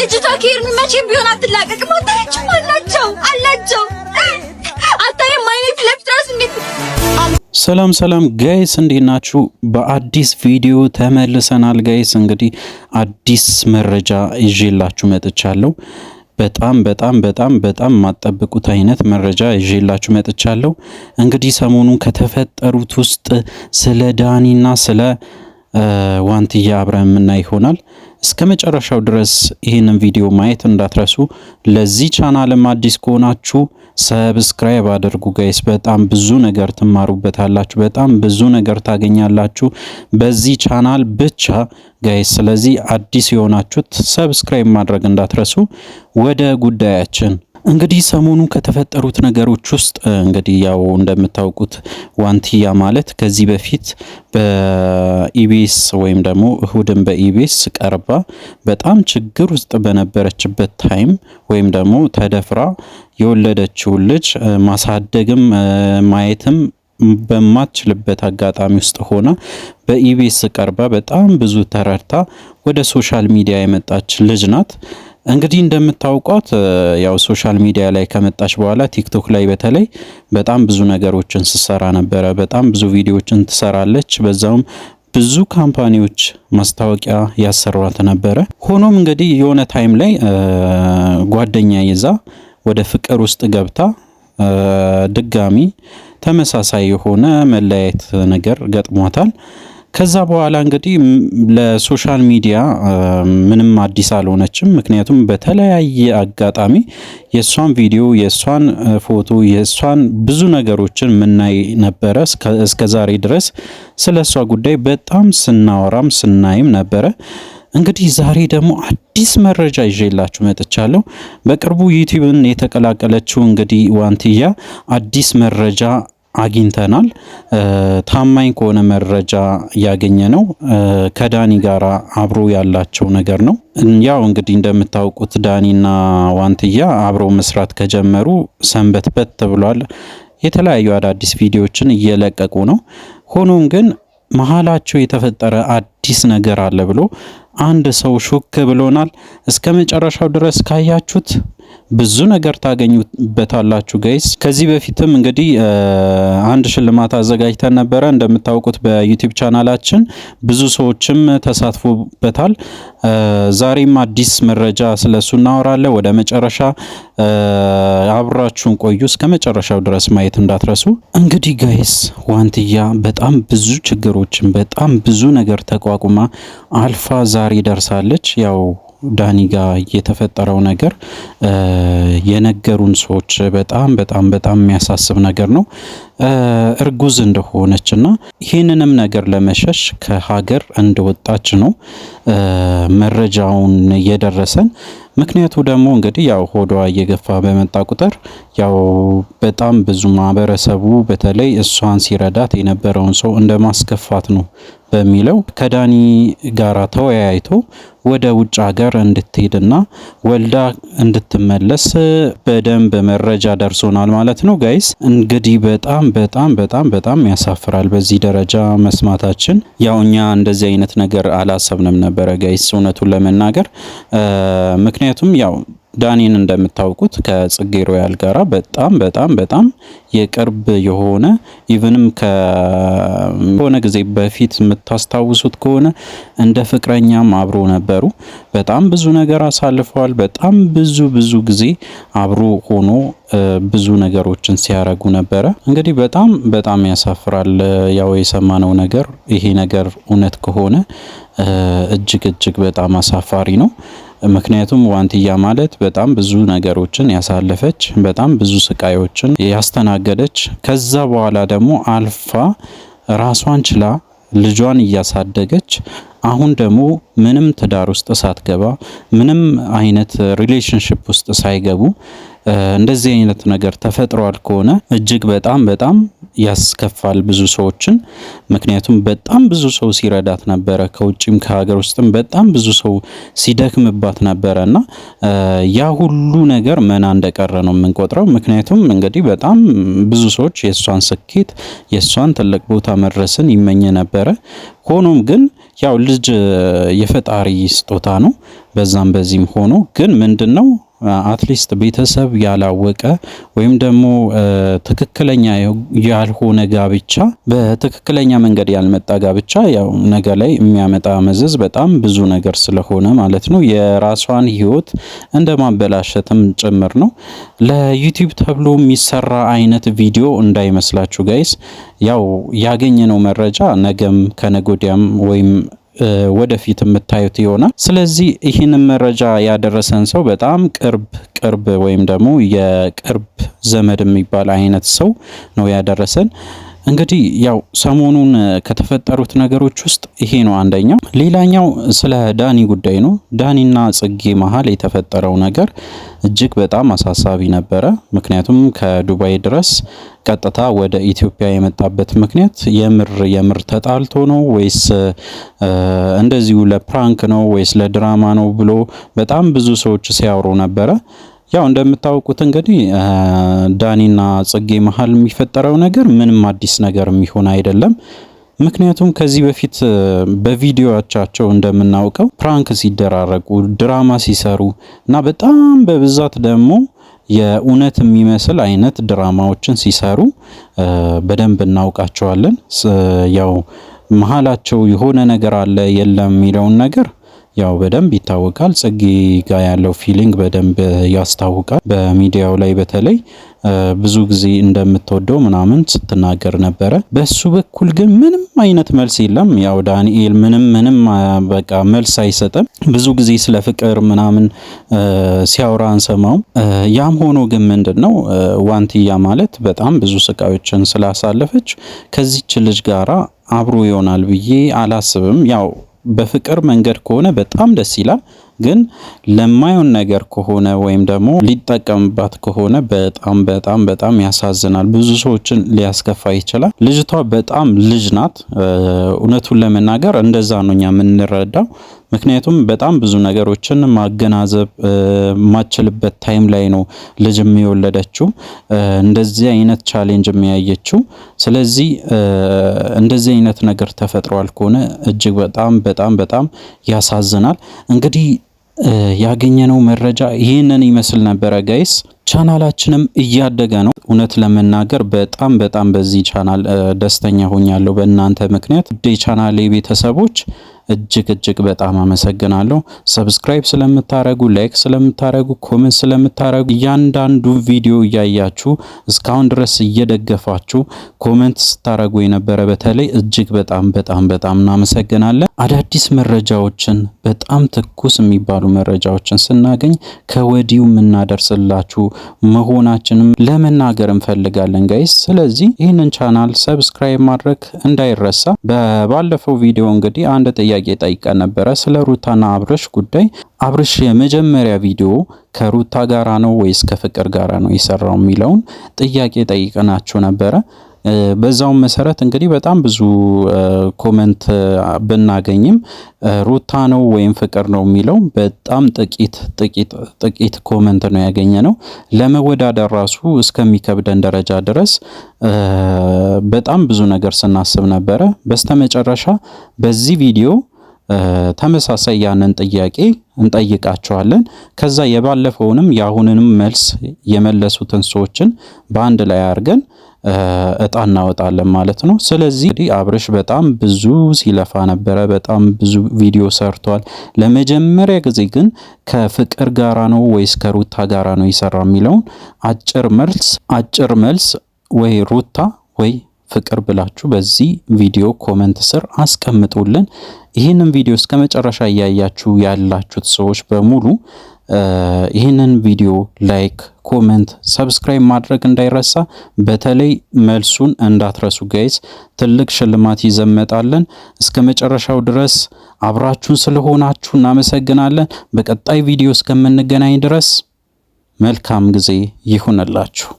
ልጅቷ ከሄርን መቼም ቢሆን አትላቀቅም። አታያችም? አላቸው አላቸው አታይም አይነት ለፍትራስ እንዴት ሰላም ሰላም ጋይስ እንዴት ናችሁ? በአዲስ ቪዲዮ ተመልሰናል ጋይስ። እንግዲህ አዲስ መረጃ ይዤላችሁ መጥቻለሁ። በጣም በጣም በጣም በጣም ማጠብቁት አይነት መረጃ ይዤላችሁ መጥቻለሁ። እንግዲህ ሰሞኑን ከተፈጠሩት ውስጥ ስለ ዳኒና ስለ ዋንትያ አብረን የምናይ ይሆናል። እስከ መጨረሻው ድረስ ይህንን ቪዲዮ ማየት እንዳትረሱ። ለዚህ ቻናልም አዲስ ከሆናችሁ ሰብስክራይብ አድርጉ ጋይስ። በጣም ብዙ ነገር ትማሩበታላችሁ፣ በጣም ብዙ ነገር ታገኛላችሁ በዚህ ቻናል ብቻ ጋይስ። ስለዚህ አዲስ የሆናችሁት ሰብስክራይብ ማድረግ እንዳትረሱ። ወደ ጉዳያችን እንግዲህ ሰሞኑ ከተፈጠሩት ነገሮች ውስጥ እንግዲህ ያው እንደምታውቁት ዋንትያ ማለት ከዚህ በፊት በኢቢኤስ ወይም ደግሞ እሁድን በኢቢኤስ ቀርባ በጣም ችግር ውስጥ በነበረችበት ታይም ወይም ደግሞ ተደፍራ የወለደችውን ልጅ ማሳደግም ማየትም በማትችልበት አጋጣሚ ውስጥ ሆና በኢቢኤስ ቀርባ በጣም ብዙ ተረድታ ወደ ሶሻል ሚዲያ የመጣች ልጅ ናት። እንግዲህ እንደምታውቋት ያው ሶሻል ሚዲያ ላይ ከመጣች በኋላ ቲክቶክ ላይ በተለይ በጣም ብዙ ነገሮችን ስትሰራ ነበረ። በጣም ብዙ ቪዲዮዎችን ትሰራለች። በዛውም ብዙ ካምፓኒዎች ማስታወቂያ ያሰሯት ነበረ። ሆኖም እንግዲህ የሆነ ታይም ላይ ጓደኛ ይዛ ወደ ፍቅር ውስጥ ገብታ ድጋሚ ተመሳሳይ የሆነ መለያየት ነገር ገጥሟታል። ከዛ በኋላ እንግዲህ ለሶሻል ሚዲያ ምንም አዲስ አልሆነችም። ምክንያቱም በተለያየ አጋጣሚ የእሷን ቪዲዮ፣ የእሷን ፎቶ፣ የእሷን ብዙ ነገሮችን ምናይ ነበረ። እስከ ዛሬ ድረስ ስለ እሷ ጉዳይ በጣም ስናወራም ስናይም ነበረ። እንግዲህ ዛሬ ደግሞ አዲስ መረጃ ይዤላችሁ መጥቻለሁ። በቅርቡ ዩቲዩብን የተቀላቀለችው እንግዲህ ዋንትያ አዲስ መረጃ አግኝተናል። ታማኝ ከሆነ መረጃ እያገኘ ነው። ከዳኒ ጋር አብሮ ያላቸው ነገር ነው። ያው እንግዲህ እንደምታውቁት ዳኒና ዋንትያ አብሮ መስራት ከጀመሩ ሰንበት በት ብሏል። የተለያዩ አዳዲስ ቪዲዮዎችን እየለቀቁ ነው። ሆኖም ግን መሀላቸው የተፈጠረ አዲስ ነገር አለ ብሎ አንድ ሰው ሹክ ብሎናል። እስከ መጨረሻው ድረስ ካያችሁት ብዙ ነገር ታገኙበታላችሁ ጋይስ። ከዚህ በፊትም እንግዲህ አንድ ሽልማት አዘጋጅተን ነበረ እንደምታውቁት በዩቲዩብ ቻናላችን ብዙ ሰዎችም ተሳትፎበታል። ዛሬም አዲስ መረጃ ስለሱ እናወራለን። ወደ መጨረሻ አብራችሁን ቆዩ፣ እስከ መጨረሻው ድረስ ማየት እንዳትረሱ። እንግዲህ ጋይስ ዋንትያ በጣም ብዙ ችግሮችን በጣም ብዙ ነገር ተቋቁማ አልፋ ዛሬ ደርሳለች ያው ዳኒ ጋር የተፈጠረው ነገር የነገሩን ሰዎች በጣም በጣም በጣም የሚያሳስብ ነገር ነው። እርጉዝ እንደሆነች እና ይህንንም ነገር ለመሸሽ ከሀገር እንደወጣች ነው መረጃውን እየደረሰን። ምክንያቱ ደግሞ እንግዲህ ያው ሆዷ እየገፋ በመጣ ቁጥር ያው በጣም ብዙ ማህበረሰቡ በተለይ እሷን ሲረዳት የነበረውን ሰው እንደማስከፋት ነው በሚለው ከዳኒ ጋራ ተወያይቶ ወደ ውጭ ሀገር እንድትሄድና ወልዳ እንድትመለስ በደንብ መረጃ ደርሶናል ማለት ነው ጋይስ። እንግዲህ በጣም በጣም በጣም በጣም ያሳፍራል። በዚህ ደረጃ መስማታችን ያው እኛ እንደዚህ አይነት ነገር አላሰብንም ነበረ ጋይስ እውነቱን ለመናገር ምክንያቱም ያው ዳኒን እንደምታውቁት ከጽጌ ሮያል ጋራ በጣም በጣም በጣም የቅርብ የሆነ ኢቨንም ከሆነ ጊዜ በፊት የምታስታውሱት ከሆነ እንደ ፍቅረኛም አብሮ ነበሩ። በጣም ብዙ ነገር አሳልፈዋል። በጣም ብዙ ብዙ ጊዜ አብሮ ሆኖ ብዙ ነገሮችን ሲያረጉ ነበረ። እንግዲህ በጣም በጣም ያሳፍራል። ያው የሰማነው ነገር ይሄ ነገር እውነት ከሆነ እጅግ እጅግ በጣም አሳፋሪ ነው። ምክንያቱም ዋንትያ ማለት በጣም ብዙ ነገሮችን ያሳለፈች በጣም ብዙ ስቃዮችን ያስተናገደች ከዛ በኋላ ደግሞ አልፋ ራሷን ችላ ልጇን እያሳደገች አሁን ደግሞ ምንም ትዳር ውስጥ ሳትገባ ምንም አይነት ሪሌሽንሽፕ ውስጥ ሳይገቡ እንደዚህ አይነት ነገር ተፈጥሯል ከሆነ እጅግ በጣም በጣም ያስከፋል ብዙ ሰዎችን። ምክንያቱም በጣም ብዙ ሰው ሲረዳት ነበረ፣ ከውጭም ከሀገር ውስጥም በጣም ብዙ ሰው ሲደክምባት ነበረ እና ያ ሁሉ ነገር መና እንደቀረ ነው የምንቆጥረው። ምክንያቱም እንግዲህ በጣም ብዙ ሰዎች የእሷን ስኬት የእሷን ትልቅ ቦታ መድረስን ይመኝ ነበረ። ሆኖም ግን ያው ልጅ የፈጣሪ ስጦታ ነው። በዛም በዚህም ሆኖ ግን ምንድን ነው አትሊስት ቤተሰብ ያላወቀ ወይም ደግሞ ትክክለኛ ያልሆነ ጋብቻ በትክክለኛ መንገድ ያልመጣ ጋብቻ ያው ነገ ላይ የሚያመጣ መዘዝ በጣም ብዙ ነገር ስለሆነ ማለት ነው የራሷን ህይወት እንደ ማበላሸትም ጭምር ነው። ለዩቲዩብ ተብሎ የሚሰራ አይነት ቪዲዮ እንዳይመስላችሁ ጋይስ። ያው ያገኘነው መረጃ ነገም ከነጎዲያም ወይም ወደፊት የምታዩት ይሆናል። ስለዚህ ይህንን መረጃ ያደረሰን ሰው በጣም ቅርብ ቅርብ ወይም ደግሞ የቅርብ ዘመድ የሚባል አይነት ሰው ነው ያደረሰን። እንግዲህ ያው ሰሞኑን ከተፈጠሩት ነገሮች ውስጥ ይሄ ነው አንደኛው። ሌላኛው ስለ ዳኒ ጉዳይ ነው። ዳኒና ጽጌ መሀል የተፈጠረው ነገር እጅግ በጣም አሳሳቢ ነበረ። ምክንያቱም ከዱባይ ድረስ ቀጥታ ወደ ኢትዮጵያ የመጣበት ምክንያት የምር የምር ተጣልቶ ነው ወይስ እንደዚሁ ለፕራንክ ነው ወይስ ለድራማ ነው ብሎ በጣም ብዙ ሰዎች ሲያወሩ ነበረ። ያው እንደምታውቁት እንግዲህ ዳኒና ጽጌ መሀል የሚፈጠረው ነገር ምንም አዲስ ነገር የሚሆን አይደለም። ምክንያቱም ከዚህ በፊት በቪዲዮቻቸው እንደምናውቀው ፕራንክ ሲደራረቁ፣ ድራማ ሲሰሩ እና በጣም በብዛት ደግሞ የእውነት የሚመስል አይነት ድራማዎችን ሲሰሩ በደንብ እናውቃቸዋለን። ያው መሀላቸው የሆነ ነገር አለ የለም የሚለውን ነገር ያው በደንብ ይታወቃል። ጽጌ ጋር ያለው ፊሊንግ በደንብ ያስታውቃል። በሚዲያው ላይ በተለይ ብዙ ጊዜ እንደምትወደው ምናምን ስትናገር ነበረ። በሱ በኩል ግን ምንም አይነት መልስ የለም። ያው ዳንኤል ምንም ምንም በቃ መልስ አይሰጥም። ብዙ ጊዜ ስለ ፍቅር ምናምን ሲያወራ አንሰማውም። ያም ሆኖ ግን ምንድን ነው ዋንትያ ማለት በጣም ብዙ ስቃዮችን ስላሳለፈች ከዚች ልጅ ጋራ አብሮ ይሆናል ብዬ አላስብም። ያው በፍቅር መንገድ ከሆነ በጣም ደስ ይላል። ግን ለማይሆን ነገር ከሆነ ወይም ደግሞ ሊጠቀምባት ከሆነ በጣም በጣም በጣም ያሳዝናል። ብዙ ሰዎችን ሊያስከፋ ይችላል። ልጅቷ በጣም ልጅ ናት። እውነቱን ለመናገር እንደዛ ነው እኛ የምንረዳው። ምክንያቱም በጣም ብዙ ነገሮችን ማገናዘብ ማችልበት ታይም ላይ ነው ልጅ የሚወለደችው፣ እንደዚህ አይነት ቻሌንጅ የሚያየችው። ስለዚህ እንደዚህ አይነት ነገር ተፈጥሯል ከሆነ እጅግ በጣም በጣም በጣም ያሳዝናል እንግዲህ ያገኘነው መረጃ ይህንን ይመስል ነበረ ጋይስ። ቻናላችንም እያደገ ነው። እውነት ለመናገር በጣም በጣም በዚህ ቻናል ደስተኛ ሆኛለሁ በእናንተ ምክንያት። ዴ ቻናሌ ቤተሰቦች እጅግ እጅግ በጣም አመሰግናለሁ። ሰብስክራይብ ስለምታረጉ፣ ላይክ ስለምታረጉ፣ ኮሜንት ስለምታረጉ እያንዳንዱ ቪዲዮ እያያችሁ እስካሁን ድረስ እየደገፋችሁ ኮሜንት ስታረጉ የነበረ በተለይ እጅግ በጣም በጣም በጣም እናመሰግናለን። አዳዲስ መረጃዎችን በጣም ትኩስ የሚባሉ መረጃዎችን ስናገኝ ከወዲሁ የምናደርስላችሁ መሆናችንም ለመናገር እንፈልጋለን ጋይስ። ስለዚህ ይህንን ቻናል ሰብስክራይብ ማድረግ እንዳይረሳ። በባለፈው ቪዲዮ እንግዲህ አንድ ጥያቄ ጥያቄ ጠይቀን ነበረ ስለ ሩታና አብርሽ ጉዳይ። አብርሽ የመጀመሪያ ቪዲዮ ከሩታ ጋራ ነው ወይስ ከፍቅር ጋራ ነው የሰራው የሚለውን ጥያቄ ጠይቀናቸው ነበረ። በዛውም መሰረት እንግዲህ በጣም ብዙ ኮመንት ብናገኝም ሩታ ነው ወይም ፍቅር ነው የሚለው በጣም ጥቂት ጥቂት ጥቂት ኮመንት ነው ያገኘ ነው። ለመወዳደር ራሱ እስከሚከብደን ደረጃ ድረስ በጣም ብዙ ነገር ስናስብ ነበረ። በስተመጨረሻ በዚህ ቪዲዮ ተመሳሳይ ያንን ጥያቄ እንጠይቃቸዋለን። ከዛ የባለፈውንም የአሁንንም መልስ የመለሱትን ሰዎችን በአንድ ላይ አድርገን እጣ እናወጣለን ማለት ነው። ስለዚህ አብርሽ በጣም ብዙ ሲለፋ ነበረ። በጣም ብዙ ቪዲዮ ሰርቷል። ለመጀመሪያ ጊዜ ግን ከፍቅር ጋራ ነው ወይስ ከሩታ ጋራ ነው ይሰራ የሚለውን አጭር መልስ አጭር መልስ ወይ ሩታ ወይ ፍቅር ብላችሁ በዚህ ቪዲዮ ኮመንት ስር አስቀምጡልን። ይህንን ቪዲዮ እስከ መጨረሻ እያያችሁ ያላችሁት ሰዎች በሙሉ ይህንን ቪዲዮ ላይክ፣ ኮመንት፣ ሰብስክራይብ ማድረግ እንዳይረሳ። በተለይ መልሱን እንዳትረሱ ጋይስ። ትልቅ ሽልማት ይዘመጣለን። እስከ መጨረሻው ድረስ አብራችሁን ስለሆናችሁ እናመሰግናለን። በቀጣይ ቪዲዮ እስከምንገናኝ ድረስ መልካም ጊዜ ይሁንላችሁ።